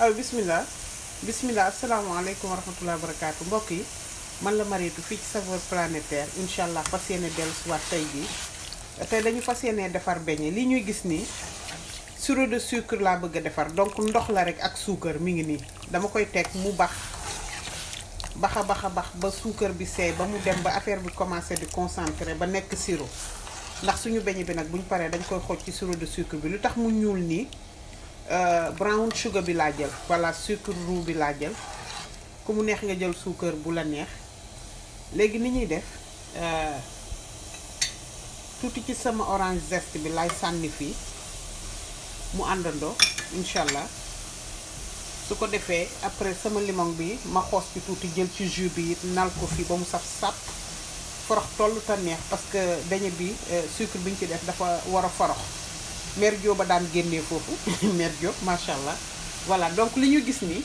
aw euh, bismillah bismillah alaykum wa rahmatulah barakaatu mbokk yi man la Marietou fi ci savoir planétaire inshallah allah del yéene wat tey jii tay dañu fas defar beñ li ñuy gis ni suru de sucre la bëgg defar donc ndox la rek ak sucre mi ngi ni dama koy tek mu bax baxa baxa bax ba sucre bi sey ba mu dem ba affaire bi commencer di concentrer ba nek sirop ndax suñu beñ bi nak buñ paré dañ koy xoj ci suru de sucre bi lutax mu ñuul ni Euh, brown sugar bi laa jël wala sucre roux bi laa jël ku mu neex nga jël sucre bu la neex léegi ni ñuy def euh, tuuti ci sama orange zest bi lay sànni fii mu àndandoo incha allah su ko defee après sama limon bi ma xoos ci tuuti jël ci jus bi nal ko fii ba saf sap forox tollu ta neex parce que beñe bi euh, sucre bi ñu ci def dafa war forox merjo ba daan génnee fofu merjo Diop allah voilà donc li ñu gis ni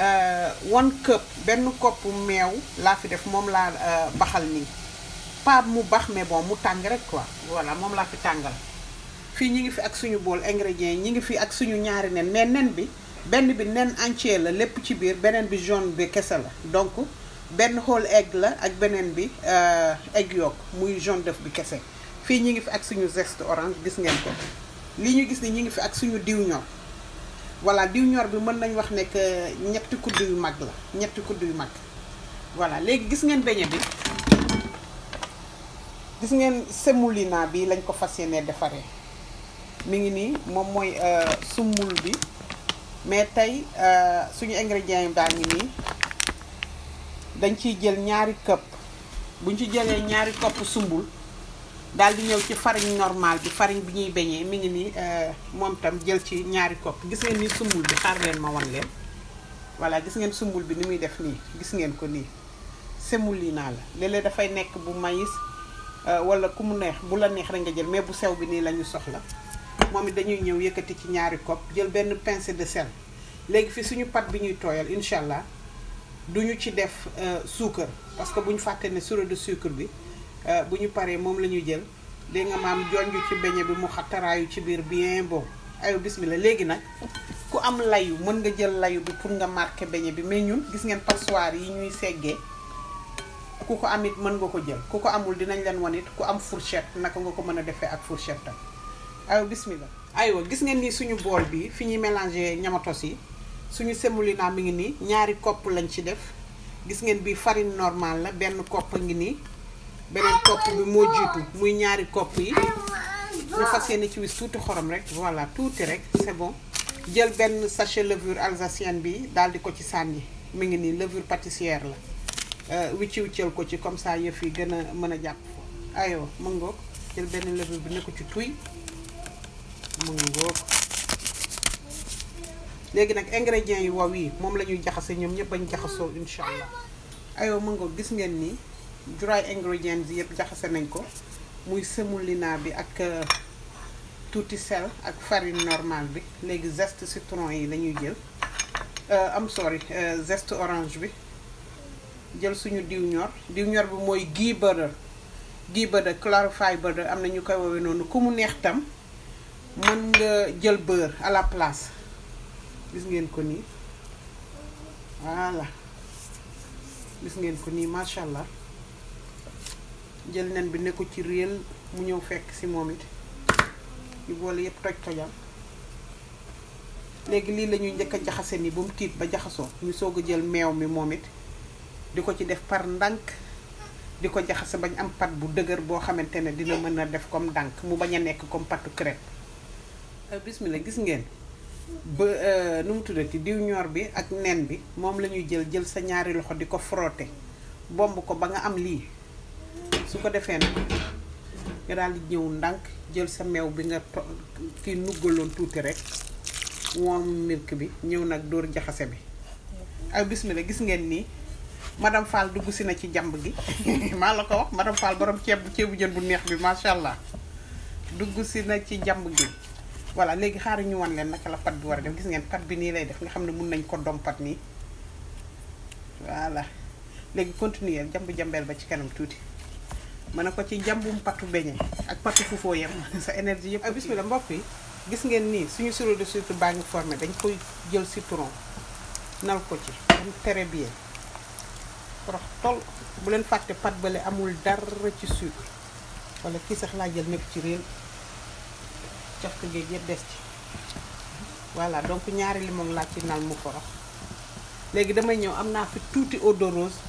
euh, one cup benn kopp meew la fi def mom la euh, baxal ni pas mu bax mais bon mu tang rek quoi voilà mom la fi tangal fi ñi ngi fi ak suñu bol ingrédients ñi ngi fi ak suñu ñaari nen mais nen bi benn bi nen entier la lepp ci biir benen bi jaune bi kessa la donc ben whole egg la ak benen bi euh, egg yok, muy jaune d'œuf bi kese fi ñi ngi fi ak suñu zeste orange gis ngeen ko li ñu gis ni ñu ngi fi ak suñu diw ñor voilà diw ñor bi mën nañ wax ne que ñetti kudd yu mag la ñetti kudd yu mag voilà léegi gis ngeen beñe bi gis ngeen semulina bi lañ ko fasiyene defaree mi ngi nii moom mooy euh, sumul bi mais tey euh, suñu ingrédients yi baa ngi nii dañ ciy jël ñaari këpp buñ ci jëlee ñaari kopp sumbul dal di ñëw ci farine normal bi farine bi ñuy beñé mi ngi ni euh, mom tam jël ci ñaari kopp gis ngeen ni sumbul bi xaar leen ma won leen wala gis ngeen sumbul bi ni muy def ni gis ngeen ko ni semulina la lélé da fay nekk bu maïs euh, wala kumu neex bu la neex rek nga jël mais bu sew bi ni lañu soxla momi dañuy ñëw yëkëti ci ñaari kopp jël benn pincée de sel légui fi suñu pat bi ñuy toyal inshallah duñu ci def euh, sucre parce que buñu ñu ne de sucre bi Euh, bu ñu paree moom la ñuy jël léegi nga maam jonju ci beñe bi mu xattaraayu ci biir bien bon ayo bismillah léegi nag ku am layu mën nga jël layu bi pour nga marqué beñe bi mais ñun gis ngeen passoire yi ñuy seggee ku ko am it mën nga ko jël ku ko amul dinañ leen wan it ku am fourchette naka nga ko mën a defee ak fourchette tam ayo bismillah aywa gis ngeen ni suñu bool bi fi ñuy mélangé ñamatos yi suñu semul semolina mi ngi nii ñaari kopp lañ ci def gis ngeen bi farine normale la benn kopp ngi nii beneen kopp bi moo jiitu muy ñaari kopp yi ñu fas yéene ci wis tuuti xorom rek voilà tuuti rek c'est bon jël benn sachet levure alsacienne bi daal di ko ci sànni mi ngi nii levure pâtissière la euh, wicci wiccal ko ci comme ça yëf yi gën a mën a jàpp aywa mu ngoog jël benn levure bi ne ko ci tuy mu ngoog léegi nag ingrédients yi waw yi moom la ñuy jaxase ñoom ñëpp bañ jaxasoo incha allah aywa mu ngoog gis ngeen nii dry ingredients yëpp jaxase nañ ko muy semolina bi ak euh, tuuti sel ak farine normal bi léegi zeste citron yi lañuy jël am euh, sorry euh, zeste orange bi jël suñu diw ñor diw ñor bi mooy ghee butter ghee butter clarified butter am na ñu koy woowee noonu ku mu neex tam mën nga jël beurre à la place gis ngeen ko nii voilà gis ngeen ko nii macha allah. jël nen bi ne ci réel mu ñew fekk ci momit yu bolé yépp toj tojam ni bu mu tiit ba jaxasso ñu soog jël méw mi momit diko ci def par ndank di jaxassé bañ am pat bu dëgër bo xamantene dina mëna def comme ndànk mu baña nekk comme patu crêpe euh, bismillah gis ngeen ba euh, nu mu ci diw ñor bi ak nen bi mom lañu jël jël sa ñaari loxo diko frotter bomb ko ba nga am li suko defen, defee nga dal di ñew ndank jël sa mew bi nga ki nugulon nuggaloon rek woom milk bi ñew nak door jaxase bi ay bismillah gis ngeen ni madam Fall dugg ci na ci jamb gi ma la ko wax madam Fall borom ceeb ceebu jën bu neex bi sha allah dugg ci na ci jamb gi. wala legi xaar ñu won len naka la pat bi war dem gis ngeen pat bi ni lay def nga xamne mën nañ ko pat ni wala legi continuer jamb jambel ba ci kanam tuuti. ma ne ko ci jàmbum patu beñe ak patu fufoo yem sa énergie yëpp ah, bismillah mbokk yi gis ngeen nii suñu sirop de sucre baa ngi formé dañ koy jël citron nal ko ci am très bien torox tol bu leen fàtte pat bale amul dara ci sucre wala kii sax laa jël nekk ci réel caf ko géej yëpp des ci voilà donc ñaari limon laa ci nal mu forox léegi damay ñëw am naa fi tuuti eau de rose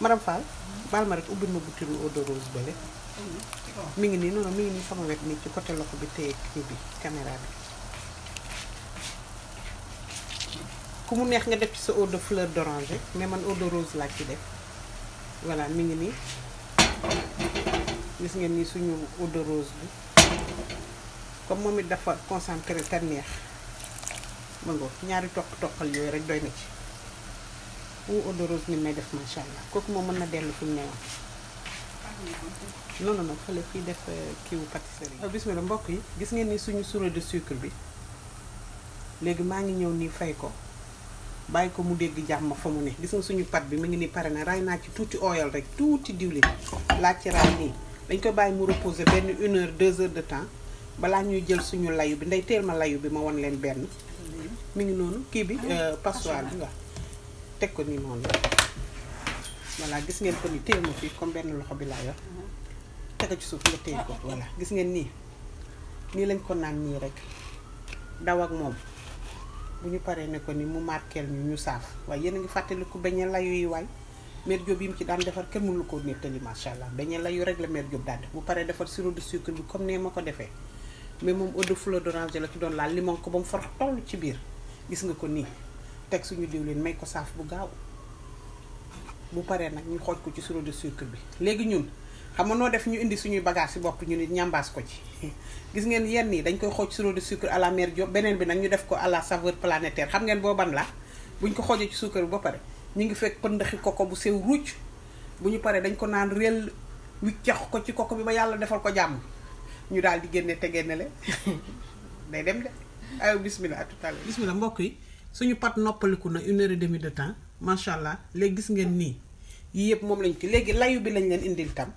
madame baal ma rek ubbil ma boutique bi eau de rose bële. Mm-hmm. mi ngi nii noonu mi ngi nii sama wet nii ci côté loxo bi téye kii bi caméra bi. ku mu neex nga def ci sa eau de fleur d'oranger mais man eau de rose laa ci def voilà mi ngi nii gis ngeen nii suñu eau de rose bi comme moom it dafa concentré te neex ma nga ñaari toq toqal yooyu rek doy na ci. ou eau de rose ni may def macha allah kooku moom mën na dellu fi mu ne woon non non non xale fii def euh, kiiwu pâtisserie ah, bismillah mbokk yi gis ngeen ni suñu sirop de sucre bi léegi maa ngi ñëw nii fay ko bàyyi ko mu dégg jàmm fa mu ne gis nga suñu pat bi mu ngi ni pare na raay naa ci tuuti ooyal rek tuuti diwlin laaj ci raay nii dañ koy bàyyi mu reposer benn une heure deux heures de temps balaa ñuy jël suñu layu bi ndey teel ma layu bi ma won leen benn mi ngi noonu kii bi euh, passoire bi nga teg ko nii noonu voilà gis ngeen ko ni téye ma fii comme benn loxo bi laa yor teg ci suuf nga téye ko voilà gis ngeen nii nii lañ ko naan nii rek daw ak moom bu ñu paree ne ko ni mu markeel ñu ñu saaf waaye yéen a ngi fàttaliku beñe layu yi waay mère Diop yi mu ci daan defar kenn mënu ko nettali macha allah beñe layu rek la mère Diop daan def bu paree defar sirop de sucre bi comme nee ma ko defee mais moom eau de fleur d'oranger la ci doon laal limon ko ba mu far ci biir gis ko nii tek suñu diwlin may ko saaf bu gaaw bu paree nag ñu xooj ko ci suñu de sucre bi léegi ñun xam nga noo def ñu indi suñuy bagage si bopp ñu nit ñambaas ko ci gis ngeen yenn yi dañ koy xooj suñu de sucre à la mer jo beneen bi nag ñu def ko à la saveur planétaire xam ngeen boo ban la buñ ko xoojee ci sucre bi ba pare ñu ngi fekk pëndaxi koko bu sew rucc bu ñu paree dañ ko naan réel wiccax ko ci koko bi ba yàlla defal ko jàmm ñu daal di génne tegee ne le day dem de ayo bismillah tout à l'heure bismillah mbokk yi suñu pat noppaliku na une heure et demie de temps macha allah léegi gis ngeen nii yii yëpp moom lañ ko léegi layu bi lañ leen indil tam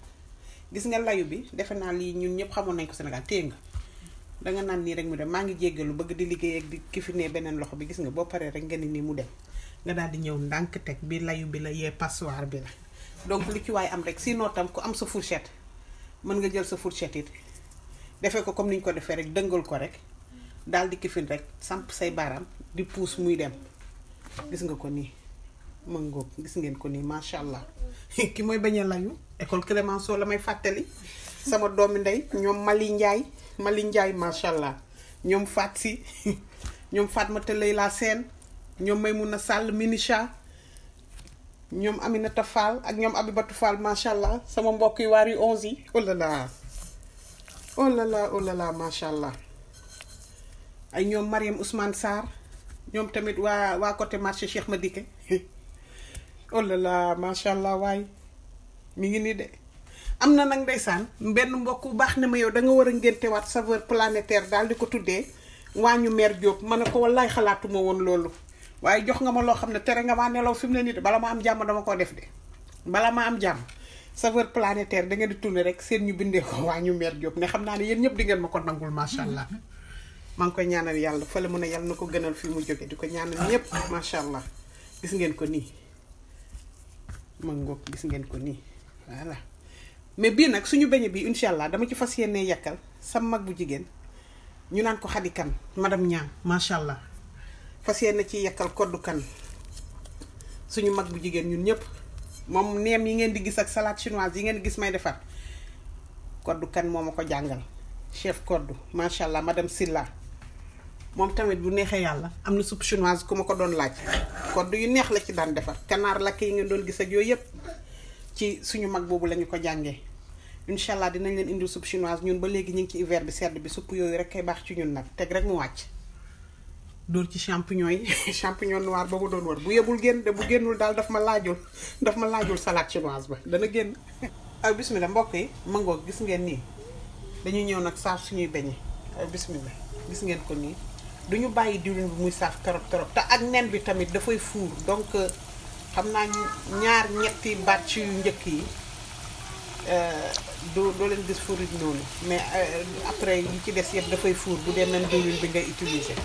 gis nga layu bi defe naa lii ñun ñëpp xamoon nañ ko Sénégal téye nga da nga naan nii rek mu dem maa ngi jéggalu bëgg di liggéey ak di kifinee beneen loxo bi gis nga boo paree rek nga ni mu dem nga daal di ñëw ndànk teg bi layu bi la yee passoir bi la donc li ci waay am rek sinon tam ku am sa fourchette mën nga jël sa fourchette it defee ko comme niñ ko defee rek dëngal ko rek daal di kifin rek samp say baram di pus muy dem gis nga ko ni ma ngoog gis ngeen ko ni machallah ki moy bañe a layu école Clémenceau la may sama domi ndey ñom Mali ndjay Mali ñom Fat si ñoom Fatmata Leyla Sène ñoom Maymouna Minisha nyom Aminata Fall ak ñom Abibatu Fall machallah sama mbokk yi waar yi onze yi oh la la oh la la oh la la machallah ay ñom Mariam Ousmane sar ñoom tamit waa waa côté marché Cheikh ma oh là là macha allah waay mu ngi nii de am na nag ndeysaan benn mbokk bu baax ne ma yow da war a ngéntewaat saveur planétaire daal di ko tuddee ñu meer Diop ma ne ko wallaay xalaatuma woon loolu waaye jox nga ma loo xam ne tere nga maa nelaw fi mu ne nii de bala ma am jàmm dama ko def de bala ma am jàmm saveur planétaire da ngeen di tourner rek seen ñu bindee ko waañu mère Diop ne xam naa ne yéen ñëpp di ma ko nangul macha allah. mang koy ñaanal yalla fa la mëna yalla nako gënal fi mu joggé diko ñaanal ñëpp sha allah gis ngeen ko ni mang ngok gis ngeen ko ni voilà. mais bi nak suñu bi inshallah allah dama ci fas yéenee yàkkal sa mag bu jigen ñu naan ko xadi kan madame ma sha allah fas yéene ci yàkkal koddu kan suñu mag bu jigen ñun ñëpp mom neem yi ngeen di gis ak salade chinoise yi ngeen gis may koddu kan momako jangal chef koddu macha allah madame Silla. moom tamit bu neexee yàlla am na soupe chinoise ku ma ko doon laaj du yu neex la ci daan defar kanaar lakk yi ngeen doon gis ak yooyu yëpp ci suñu mag boobu la ñu ko jàngee incha allah dinañ leen indil soupe chinoise ñun ba léegi ñu ngi ci hiver bi sedd bi soupe yooyu rek kay baax ci ñun nag teg rek mu wàcc dóor ci champignon yi champignon noir ba mu doon war bu yebul génn de bu génnul daal daf ma laajul daf ma laajul salaat chinoise ba dana génn ay bismillah mbokk yi mangoog gis ngeen nii dañuy ñëw nag saaf suñuy beñe gis ngeen ko nii du ñu bàyyi diwlin bi muy saaf trop trop te ak nen bi tamit dafay fuur donc euh, xam naa ñaar ñetti batch yu njëkk yi euh, doo doo leen gis fuurit noonu mais euh, après yi ci des yet dafay fuur bu dee même diwlin bi ngay utiliser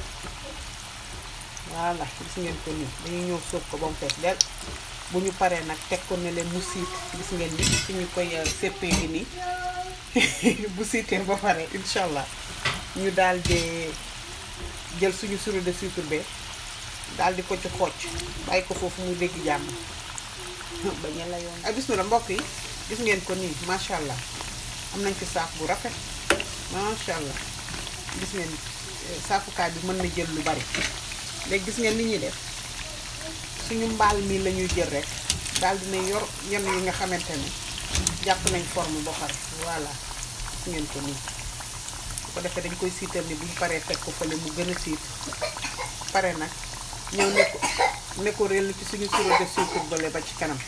voilà gis ngeen ko nii dañuy ñëw sóob ko ba mu del bu ñu paree nag teg ko ne leen mu siit gis ngeen ni fi ñu koy séppee gi nii bu siitee ba pare incha allah ñu daal di jël suñu sirop de sucre bee daal di ko ci xocc bàyyi ko foofu mu dégg jàmm yoon ay bismillah mbokk yi gis ngeen ko nii macha allah am nañ ci saaf bu rafet macha allah gis ngeen eh, saafukaay bi mën na jël lu bari léegi gis ngeen li ñuy def suñu mbaal mi la ñuy jël rek daal dina yor yenn yi nga xamante ne jàpp nañ forme ba pare voilà gis ngeen ko nii. ko defé dañ koy sitel ni buñ paré tek ko fële mu gëna sit paré nak ñew ne ko ne ko rel ci suñu sirop de sucre bële ba ci kanam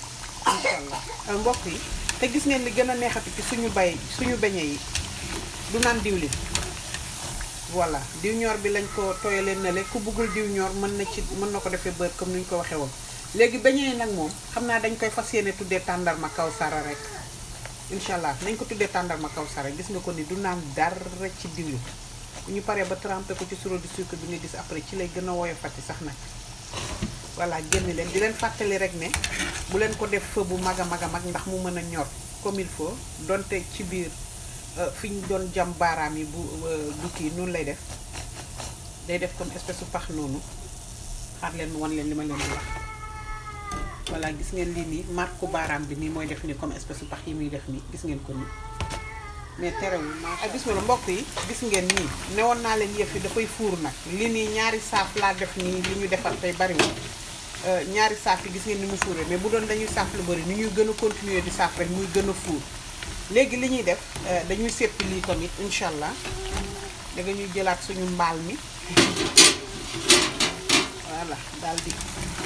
inshallah allah euh, mbokk yi te gis ngeen li gëna neexati ci suñu bay suñu beñe yi du nan diwli voilà diw ñor bi lañ ko tooyalee na le ku bëggul diw ñor mën na ci mën na ko defee comme ñu ko waxé won légui nak mom xamna dañ koy tuddé tandarma rek incha nañ ko tuddee tàndarma kaw sara gis nga ko ni du naan dara ci diwlin bu ñu paree ba trempé ko ci sirop de sucre bi nga gis après ci lay gën a woyo fati sax nag voilà génn leen di leen fàttali rek ne bu leen ko def feu bu mag a mag a mag ndax mu mën a ñor comme il faut donte ci biir euh, fi ñu doon jam baaraam yi bu euh, du noonu lay def day def comme espèce su pax noonu xaar leen wan leen li ma leen di voilà gis ngeen li ni marque baram bi ni moy def ni comme espèce pax yi muy def ni gis ngeen ko ni mais terewul ma ay bisu lu mbokk yi gis ngeen nii newoon naa leen yëf yi koy four nak li ni ñaari saaf la def ni li ñu defal defar tey bariwul euh, ñaari saaf yi gis ngeen ni mu fouré mais bu doon dañuy saaf lu bari ni ñuy gëna continuer di saaf rek muy gëna four légui li ñuy def euh, dañuy sépp li tamit inshallah da nga ñuy jëlat suñu mbal mi voilà dal di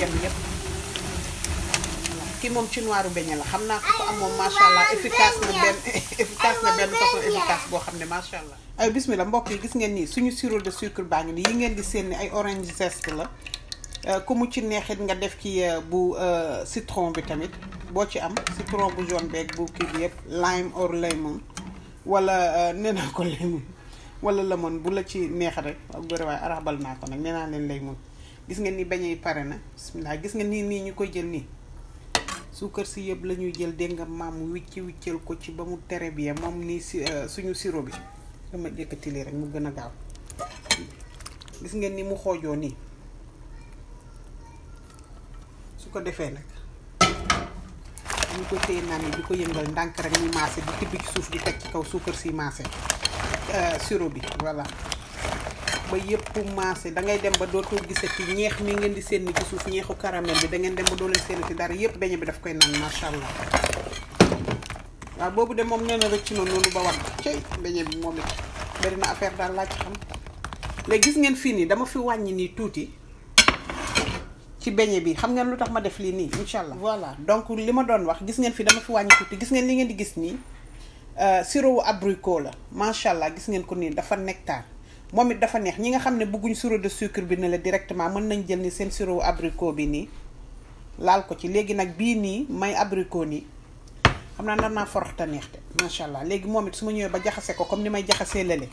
yem yëpp ki mom ci noiru beñe la xamna ko ko am moom macha allah efficace na ben efficace na ben façon efficace bo xamne ne allah. ay bismillah mbokk yi gis ngeen ni suñu sirop de sucre baa ni yi ngeen di seen ay orange zest la euh, ku mu ci neexit nga def ki euh, bu euh, citron bi tamit bo ci am citron bu jaune bek bu ki yeb lime or lemon wala nena ko lemon wala lemon bu la ci neex rek ak bëri arabal nako nak nag len lemon gis ngeen ni bañay paré na bismillah gis ngeen ni ni ñukoy jël ni suukar si yëpp la ñuy jël dégg nga maam wicci wiccel ko ci ba mu tere bi moom ni si euh, suñu siro bi dama rek mu gën a gis ngeen ni mu xoojoo nii su ko defee nag ñu ko téye naan yi di ko yëngal ndànk rek ñu maase di tibbi ci suuf di teg ci kaw si maase euh, siro bi voilà ba yépp massé da ngay dem ba dootoo gisati ñeex mi ngeen di senni ci suuf ñeexu caramel bi da ngeen dem ba doo leen seen ci dara yépp beñe bi daf koy naan macha allah waaw boobu de moom nee na rëcc na noonu ba wat cey beñe bi moom it bari na affaire daal laaj xam léegi gis ngeen fii nii dama fi wàññi nii tuuti ci beñe bi xam ngeen lu tax ma def lii nii incha allah voilà donc li ma doon wax gis ngeen fi dama fi wàññi tuuti gis ngeen li ngeen di gis nii euh, sirop abricot la macha allah gis ngeen ko nii dafa nectar moom it dafa neex ñi nga xam ne bëgguñ sirop de sucre bi ne la directement mën nañ jël ni seen sirop abricot bi nii laal ko ci léegi nag bii nii may abricot nii xam naa nar naa foroxta neex te macha allah léegi moom it su ma ñëwee ba jaxase ko comme ni may jaxasee lële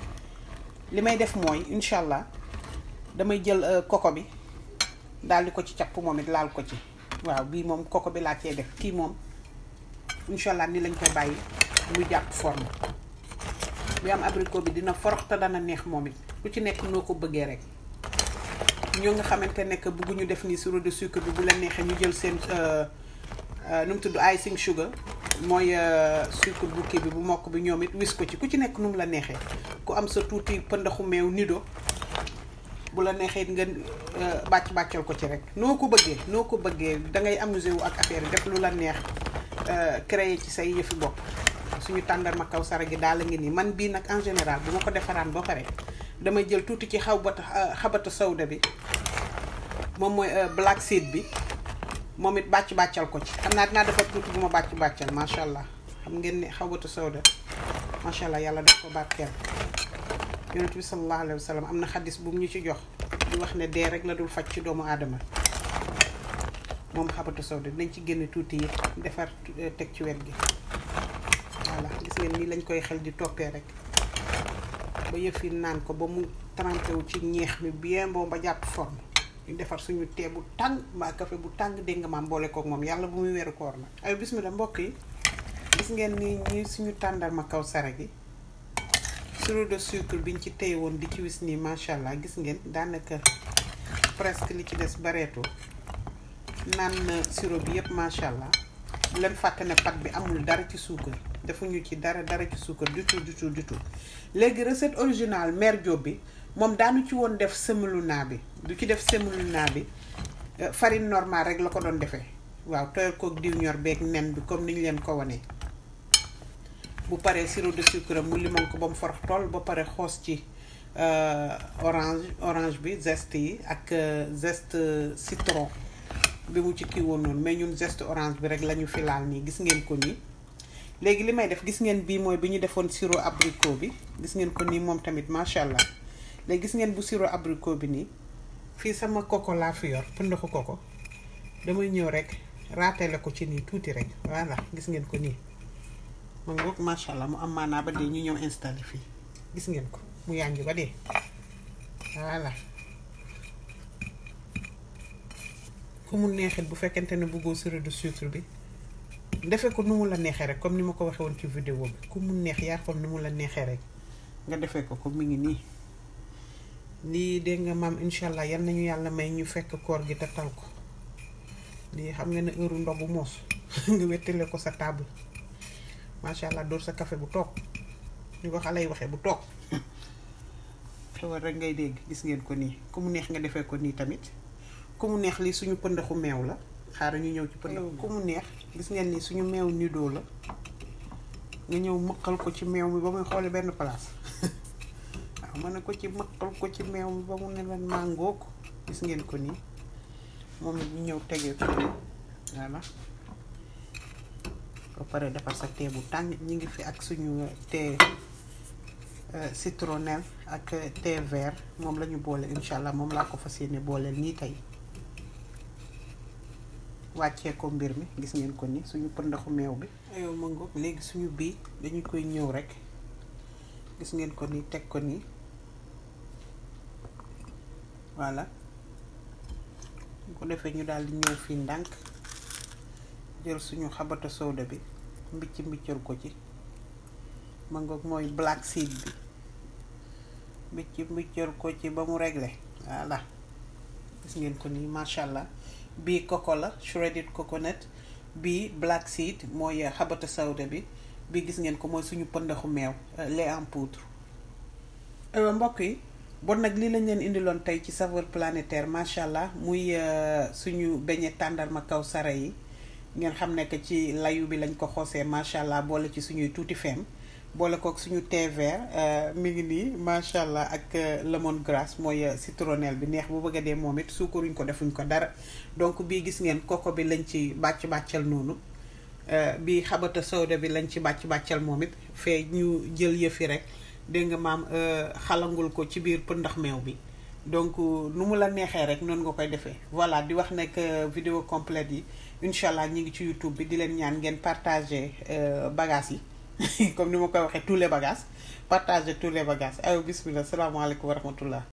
li may def mooy incha allah damay jël koko euh, bi daal di ko ci capp moom it laal ko ci waaw bii moom koko bi laa cee def kii moom incha allah ni lañ koy bàyyi muy jàpp forme bi am abricot bi dina foroxta dana neex moom it ku ci nekk noo ko bëggee rek ñoo nga xamante nekk bëgguñu def nii sirop de sucre bi bu la neexee ñu jël seen euh, euh, nu mu tudd icing sugar mooy euh, sucre bu kii bi bu mokk bi ñoom it wis ko ci ku ci nekk num la neexee ku am sa tuuti pëndaxu meew nido bu la neexee nga bàcc bàccal ko ci rek noo ko bëggee noo ko bëggee da ngay amusé wu ak affaire def lu la neex créer ci say yëfi bopp suñu tàndarma kaw sara gi daal la ngi nii man bii nag en général bu ma ko defaraan ba pare damay jël tuuti ci xaw bata euh, xabatu sawda bi moom mooy euh, black seed bi moom it bàcc bàccal ko ci xam naa dinaa defar tuuti bu ma bàcc bàccal macha allah xam ngeen ne xawbatu sawda macha allah yàlla def ko barkeel yonent bi sallallahu alayhi wa sallam am na xadis bu ñu ci jox di wax ne dee rek la dul faj ci doomu aadama moom xabatu sawda dinañ ci génne tuuti yi defar euh, teg ci wet gi voilà gis ngeen nii lañ koy xel di toppee rek ba yëf yi naan ko ba mu trempé wu ci ñeex mi bien boobu ba japp forme ñu defar suñu té bu tang mbaa café bu tang dégg nga maam boole ak moom yàlla bu muy weeru koor na ay bismillah mbokk yi gis ngeen ni ñi suñu ma kaw sara gi suru de sucre biñ ci téy woon di ci wis ni machallah gis ngeen daanaka presque li ci des bareetu naan na sirop bi yépp machallah lan fàtte ne pat bi amul dara ci sucre defuñu ci dara dara ci suukar du tout du tout du tout léegi recette originale mère Diop bi moom daanu ci woon def semolina bi du ci def semolina bi euh, farine normal rek la ko doon defee waaw tooyal koog diw ñor beeg nen bi comme ni ñu leen ko wanee bu paree sirop de sucre mu ko ba mu forox tool ba pare xoos ci euh, orange orange bi zeste yi ak euh, zeste citron bi mu ci kii woon noonu mais ñun zeste orange bi rek la ñu fi laal nii gis ngeen ko nii léegi li may def gis ngeen bii mooy bi ñu defoon siro abricot bi gis ngeen ko nii moom tamit macha allah léegi gis ngeen bu sirop abricot bi nii fii sama koko laa fi yor pënd ko koko damay ñëw rek raatale ko ci nii tuuti rek voilà gis ngeen ko nii ma ngoog macha allah mu am maanaa ba dee ñu ñëw installé fii gis ngeen ko mu yànji ba dee la ku mu neexit bu fekkente ne bëggoo siro de sucre bi. defee ko nu mu la neexee rek comme ni ma ko waxee woon ci vidéo bi ku mu neex yaa xool nu mu la neexee rek nga defee ko ko mu ngi nii lii dégg nga maam incha allah yan nañu yàlla may ñu fekk koor gi te tal ko lii xam nga ne heure ndogu moos nga wettale ko sa table macha allah door sa kafe bu toog ñu ko xale yi waxee bu toog xewal rek ngay dégg gis ngeen ko nii ku mu neex nga defee ko nii tamit ku mu neex lii suñu pëndaxu meew la xaaral ñu ñëw ci pëndaxu ku mu neex gis ngeen ni suñu meew nidoo la nga ñëw mëqal ko ci meew mi ba muy xoole benn place waaw mën na ko ci mëqal ko ci meew mi ba mu ne leen màngoo ko gis ngeen ko nii moom it ñu ñëw tegee ko nii voilà ba pare defar sa tee bu tàng ñu ngi fi ak suñu tee euh, citronnelle ak euh, thé vert moom la ñu boole incha allah moom laa ko fas yéene booleel nii tey wàccee ko mbir mi gis ngeen ko ni suñu pëndaxu meew bi ayoo ma ngoog léegi suñu bii dañu koy ñëw rek gis ngeen ko ni teg ko nii voilà bu ko defee ñu daal di ñëw fii ndànk jël suñu xabata bi mbicc mbiccal ko ci ma ngoog mooy black seed bi mbicc mbiccal ko ci ba mu réglé voilà gis ngeen ko nii macha bii coco la shredded coconut bii black seed mooy xabata sawda bi bi gis ngeen ko mooy suñu pëndaxu meew euh, lait en poudre euh, mbokk yi bon nag li lañ leen indiloon tey ci saver planetaire macha allah muy euh, suñu beñe tàndarma kaw sara yi ngeen xam ne que ci layu bi lañ ko xoosee macha allah boole ci suñuy tuuti feem boole kook suñu thé vert euh, mi ngi nii macha allah ak euh, lemon grass mooy euh, citronnelle bi neex bu bëgg a dee moom it suukaruñ ko defuñ ko dara donc bii gis ngeen koko bi lañ ci bàcc bàccal noonu bii xabata sowda bi lañ ci bàcc bàccal moom it fee ñu jël yëfi rek dégg nga maam xalangul ko ci biir pëndax meew bi donc nu mu la neexee rek noonu nga koy defee voilà di wax nag vidéo complète yi incha allah ñi ngi ci youtube bi di leen ñaan ngeen partager bagage yi comme nous, on koy tous les bagages partage tous les bagages ayo bismillah couvrir wa rahmatullah